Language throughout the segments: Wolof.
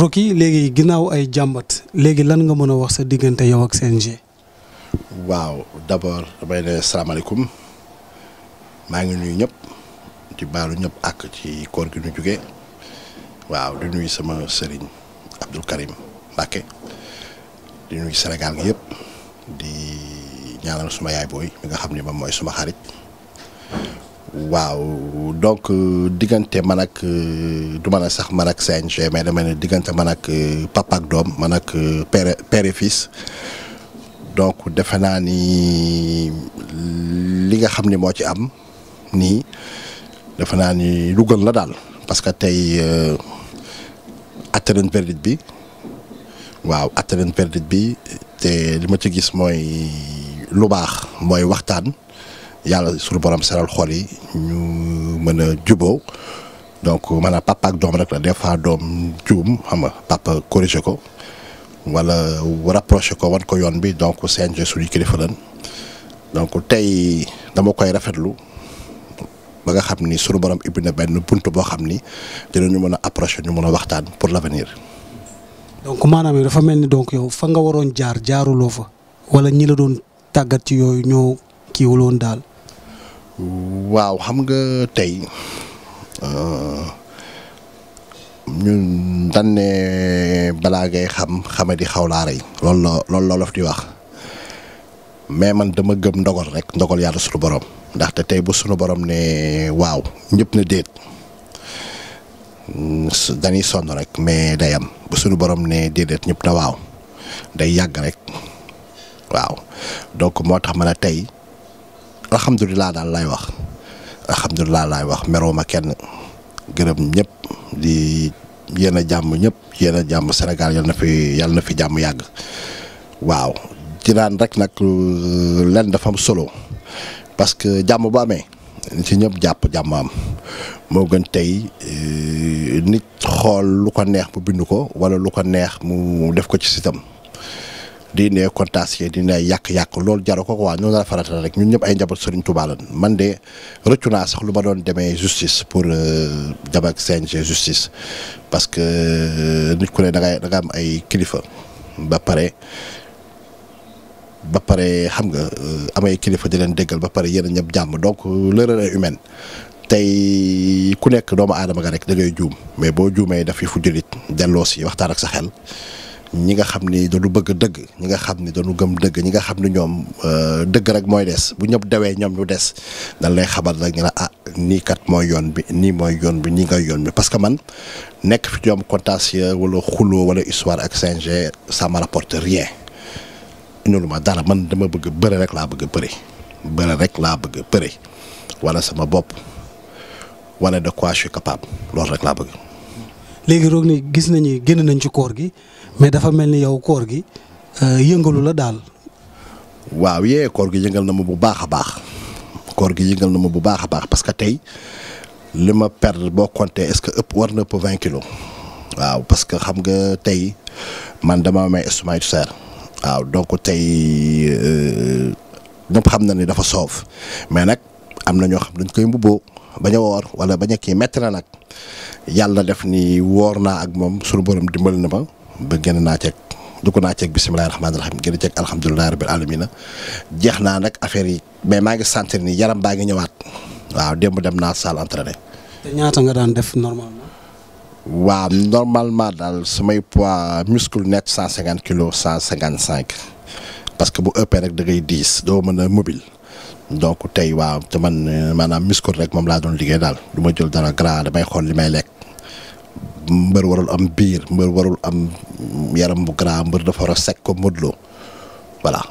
Rocky léegi ginnaaw ay jàmbat léegi lan nga mën a wax sa diggante yow ak CNG. waaw d'abord damay ne salaamaaleykum maa ngi nuyu ñëpp di baalu ñëpp ak ci koor gi ñu jóge waaw di nuyu sama sëriñ Abdou Karim Mbacké di nuyu Sénégal gi yëpp di ñaanal suma yaay booy mi nga xam ne moom mooy suma xarit. waaw donc euh, diggante man ak euh, du mën a sax man ak CNG mais dama ne diggante man ak euh, papa doom man ak père père et donc defe naa ni li nga xam ni moo ci am nii defe naa ni lu gën daal parce que tey atte nañ verdict bi waaw atte nañ bi te li ma ci gis mooy lu baax mooy waxtaan. yàlla suñu borom seral xol yi ñu mën a juboo donc maanaam papa ak doom rek la des fois doom juum xam nga papa corrigé ko wala approché ko wan ko yoon bi donc CNG suñu kilifa lan donc tey dama koy rafetlu ba nga xam ni suñu borom ubbi na benn bunt boo xam ni ñu mën a approché ñu mën a waxtaan pour l'avenir. donc maanaam dafa mel ni donc yow fa nga waroon jaar jaaruloo fa wala ñii la doon tàggat ci yooyu ñoo kiiwuloon daal. waaw xam nga tey euh, ñun dañ ne balaa ngay xam xamadi di xaw laa rey loolu la loolu loolof di wax mais man dama gëm ndogal rek ndogal yàlla sunu boroom ndaxte tey bu sunu boroom ne waaw ñëpp na déet mm, dañuy sonn rek mais day am bu sunu boroom ne déedéet ñëpp na waaw day yàgg rek waaw donc moo tax ma ne tey. alhamdulilah daal lay wax alhamdulilah lay wax meroo ma kenn gërëm ñëpp di yéen jàmm ñëpp yéen a jàmm senegal yal na fi na fi jàmm yàgg waaw ci rek nag lenn dafa am solo parce que jàmm bu amee ci ñëpp jàpp jàmm am moo gën tey eh, nit xool lu ko neex mu bind ko wala lu ko neex mu def ko ci sitam di ne contasier di ne yàq-yàq loolu jaru ko quoi noonu la farata rek ñun ñëpp ay njaboot Serigne Touba lan man de rëccu naa sax lu ma doon demee justice pour dem euh, ak CNG justice parce que euh, nit ku ne da nga am ay kilifa ba pare. ba pare xam nga euh, amay kilifa di leen déggal ba pare yéen ñëpp jàmm donc l'erreur est humaine tey ku nekk doomu aadama nga rek da ngay juum mais boo juumee daf fi fu jullit delloo si waxtaan ak sax xel ñi nga xam ni dañu bëgg dëgg ñi nga xam ni dañu gëm dëgg ñi nga xam ni ñoom euh, dëgg rek mooy des bu ñëpp dawee ñoom ñu des dañ lay xabar rek ñu ah nii kat mooy yoon bi nii mooy yoon bi nii ngay yoon bi parce que man nekk fi ñoom contentieux wala xuloo wala histoire ak CNG sama me rapporte rien nulu ma dara man dama bëgg bëre rek laa bëgg bëri bëre rek laa bëgg bëri wala sama bopp wala de quoi je capable loolu rek laa bëgg léegi roog ni gis nañu génn nañ ci koor gi mais dafa mel ni yow koor gi euh, yëngalu la daal. waaw yee koor gi yëngal na ma bu baax a baax koor gi yëngal na ma bu baax a baax parce que tey li ma perdre boo compté est-ce que ëpp war na ëpp vingt kilos waaw parce que xam nga tey man dama may estomac ulcère waaw donc tey euh, ñëpp xam na ni dafa soof mais nag am na ñoo xam dañ koy mbubboo bañ a woor wala bañ kii metti na nag yàlla def nii woor naa ak moom sunu borom dimbal na ma ba génn naa ceeg dugg naa ceeg bisimilah rahmaani rahiim génn ceeg alhamdulilah rabil alamina jeex naa nag affaire yi mais maa ngi sentir nii yaram baa ngi ñëwaat waaw démb dem naa salle entraîné. ñaata nga daan def normalement. waaw normalement daal su samay poids muscle net cent cinquante kilos cent cinquante cinq parce que bu ëppee rek da ngay diis doo mën a mobile. donc tey waaw te man euh, maanaam miskoot rek moom laa doon liggéey daal du jël dara grand xool li may lekk mbër warul am biir mbër warul am yaram bu grand mbër dafa war ko Modou voilà.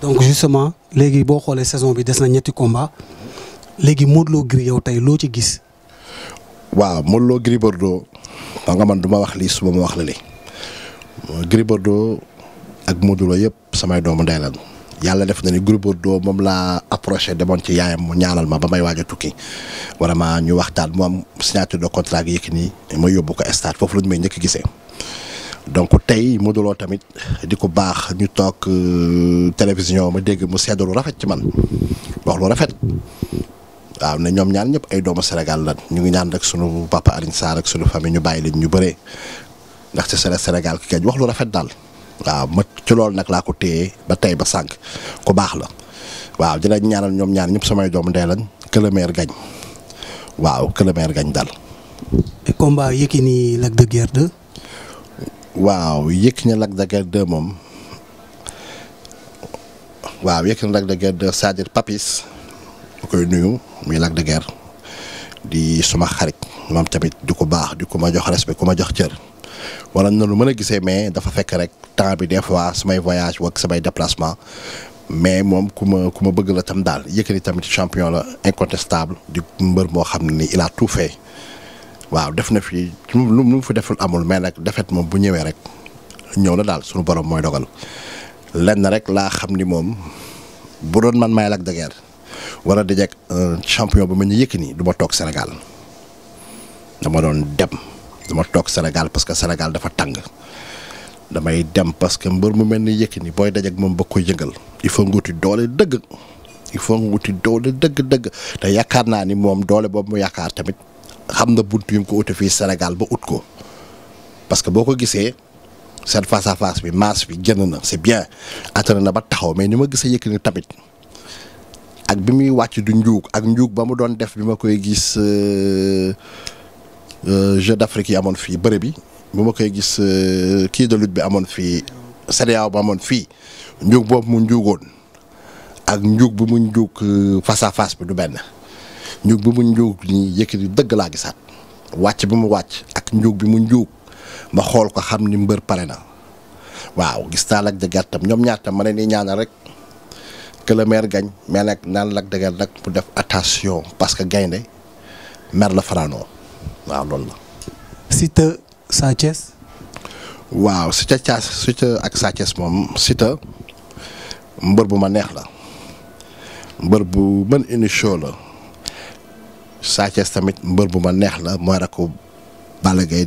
donc justement léegi boo xoolee saison bi des na ñetti combat léegi Modou Lo yow tey loo ci gis. waaw Modou Lo Gris nga man du wax lii suba ma wax la lii Gris Bordeaux ak Modou Lo yëpp samay doomu ndey lañu yàlla def na ni groupe doo moom laa approché demoon ci yaayam mu ñaanal ma ba may waaj a tukki vraiment ñu waxtaan mu am signature de contrat gi nii ma yóbbu ko stade foofu la ñu may njëkk gisee. donc tey Modou Lo tamit di ko baax ñu toog euh, télévision ma dégg mu sedd rafet ci man wax lu rafet waaw ne ñoom ñaan ñëpp ay doomu Sénégal lan ñu ngi ñaan rek sunu papa Alioune Sarr ak sunu famille ñu bàyyi leen ñu bëree ndax ci Sénégal ki kañ wax lu rafet daal. waaw ma ci loolu nag laa ko téye ba tey ba sànq ku baax la waaw dinañ ñaanal ñoom ñaar ñëpp samay doomu ndey lañ que gañ waaw que gañ dal combat Yékini Lac de Guiers waaw Yékini Lac de Guiers 2 moom waaw Yékini Lac de Guiers Papis ma koy nuyu muy Lac de di suma xarit moom tamit di ko baax di ko ma jox respect ku ma jox cër. wala na lu mën a gisee mais dafa fekk rek temps bi des fois samay voyage wak samay déplacement mais moom ku ma ku ma bëgg la tam daal Yékini tamit champion la incontestable di mbër moo xam ne ni il tout fait waaw def na fii lu mu fi deful amul mais nag defet moom bu ñëwee rek ñëw la daal suñu borom mooy dogal lenn rek laa xam ni moom bu doon man may Lac de Guiers war a dajeek euh, champion bu mel ni Yékini du ma toog Sénégal dama doon dem. ma toog Sénégal parce que Sénégal dafa tàng damay dem parce que mbër mu mel ni Yékini booy dajak moom ba ko yëngal il faut nga wuti doole dëgg il faut nga wuti doole dëgg-dëgg te yaakaar naa ni moom doole boobu mu yaakaar tamit xam na bunt yi mu ko uti fii Sénégal ba ut ko parce que boo ko gisee seen face à face bi masse bi jënd na c'est bien attan na ba taxaw mais ni ma gisee ni tamit ak bi muy wàcc du njuug ak njuug ba mu doon def bi ma koy gis. Euh, Euh, Jeux d'Afrique yi amoon fii bëre bi bu ma koy gis euh, kii de lutte bi amoon fii CEDEAO ba amoon fii njuug boobu mu njuugoon ak njuug bu mu njuug euh, face bi du benn njuug bi mu njuug nii Yékini dëgg laa gisaat wàcc bi mu wàcc ak njuug bi mu njuug ma xool ko xam ni mbër pare na waaw gis naa Lac de Guiers tam ñoom ñaar tam ma ne nii ñaanal rek que le maire gagne mais nag naan Lac de nag mu def attention parce que gaynde mer la fanaanoo waaw loolu la. Siteu Sa waaw Siteu ak Sa moom sita mbër bu ma neex la mbër bu mën indi show la Sa tamit mbër bu ma neex la mooy rek ko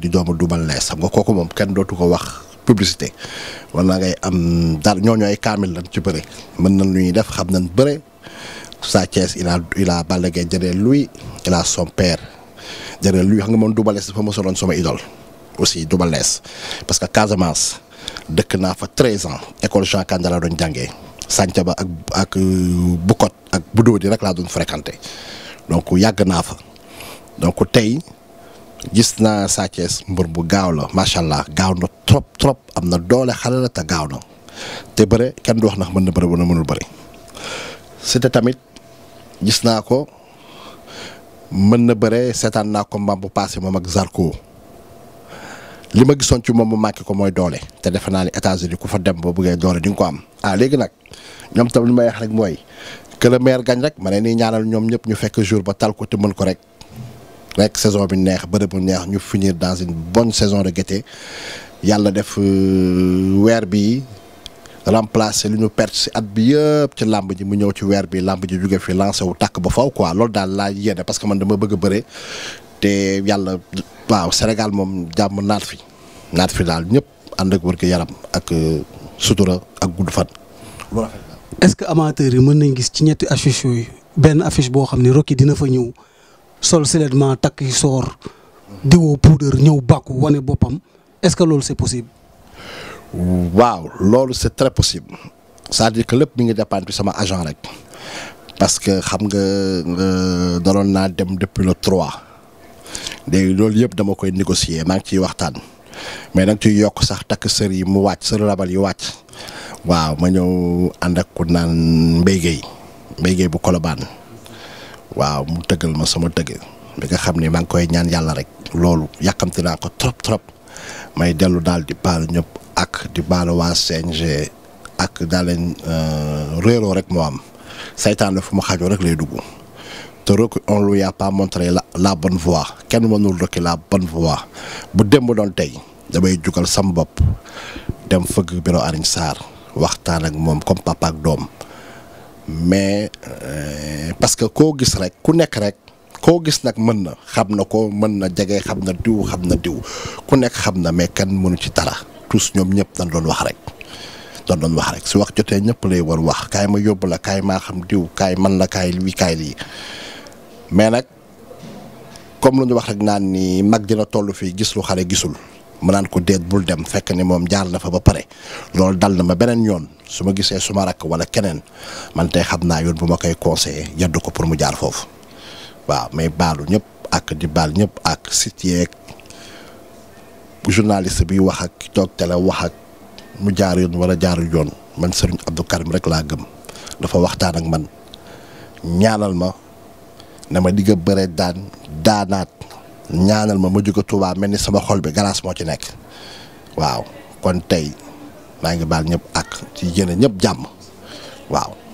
di doomu Double Less xam nga kooku moom kenn dootu ko wax publicité wala ngay am dara ñooñu ay kaamil lañ ci bëre mën na lu ñuy def xam nañ bëre Sa Thiès il a il a Balla Gaye son père. derrière lui xam nga man Double Less dafa ma soloon sama idole aussi Double Less parce que Casamance dëkk naa fa 13 ans école Jean Kandala doon jàngee Santhiaba ak ak euh, Bukot ak Budodi rek laa doon fréquenté donc yàgg naa fa donc tey gis naa Sa mbur mbër bu gaaw la macha allah gaaw na trop trop am na doole xale la te gaaw na te bëre kenn du wax ndax mën na bëre wala mënul bëre c'était tamit gis naa ko. mën na bëre seetaan naa combat bu passé moom ak Zarko li ma gisoon ci moom mu manqué ko mooy doole te defe naa ne États-Unis ku fa dem boo bëggee doole di nga ko am ah léegi nag ñoom tam lu may wax rek mooy que le gañ rek ma ne nii ñaanal ñoom ñëpp ñu fekk jour ba tal ko te mën ko rek rek saison bi neex bërëb bu neex ñu finir dans une bonne saison de gaieté yàlla def euh, weer bi remplacer lu ñu perte si at bi yëpp ci làmb ji mu ñëw ci weer bi làmb ji jóge fi lancé wu tàkk ba faw quoi loolu daal laa yéene parce que man dama bëgg bare te yàlla waaw Sénégal moom jàmm naat fi naat fi daal ñëpp ànd ak wër yaram ak euh, sutura ak gudd fan. est-ce que amateurs yi mën nañ gis ci ñetti affiche yooyu benn affice boo xam ne Rocky dina fa ñëw sol seulement takk yi soor diwoo poudre ñëw bàkku wane boppam est-ce que loolu c'est possible. waaw loolu c'est très possible cest dire que lépp mu ngi dépendre sama agent rek parce que xam nga euh, daloon naa dem depuis la trois léegi loolu yëpp dama koy négocier maa ngi ciy waxtaan mais nag ciy yokk sax takk sër yi mu wàcc sër rabal yi wàcc waaw ma ñëw ànd ak ku naan Mbaye Guèye Mbaye Guèye bu Colobane waaw mu tëggal ma sama tëgg bi nga xam ne maa ngi koy ñaan yàlla rek loolu yàkkamti naa ko trop trop may dellu daal di baal ñëpp ak di baalu waa CNG ak daa euh, réeroo rek moo am seytaane fu mu xajoo rek lay dugg te rek on lui a pas la la bonne voie kenn mënul rek la bonne voie bu dem démb doon tey damay jugal sam bopp dem fëgg bureau Alioune Sarr waxtaan ak moom comme papa doom mais euh, parce que koo gis rek ku nekk rek. koo gis nag mën na xam na ko mën na jege xam na diw xam na diw ku nekk xam na mais kenn mënu ci dara tous ñoom ñëpp dañ doon wax rek dañ doon wax rek su wax jotee ñëpp lay war wax kaay ma yóbbu la kaay maa xam diw kaay man la kaay lii kaay lii mais nag comme lu ñu wax rek naan ni mag dina toll fii gis lu gisul ma naan ko déet bul dem fekk ni moom jaar na fa ba pare loolu dal na ma beneen yoon su ma gisee suma rakk wala keneen man tey xam naa yoon bu ma koy conseillé yaddu ko pour mu jaar foofu waaw mais baalu ñëpp ak di baal ñëpp ak site yeeg journaliste bi wax ak ki toog tele wax ak mu jaar yoon wala jaar yoon man sëriñ Abdou Karim rek laa gëm dafa waxtaan ak man ñaanal ma na ma digg bëre daan daanaat ñaanal ma ma jóge Touba mel ni sama xol bi galaas moo ci nekk waaw kon tey maa ngi baal ñëpp ak ci yéene ñëpp jàmm waaw.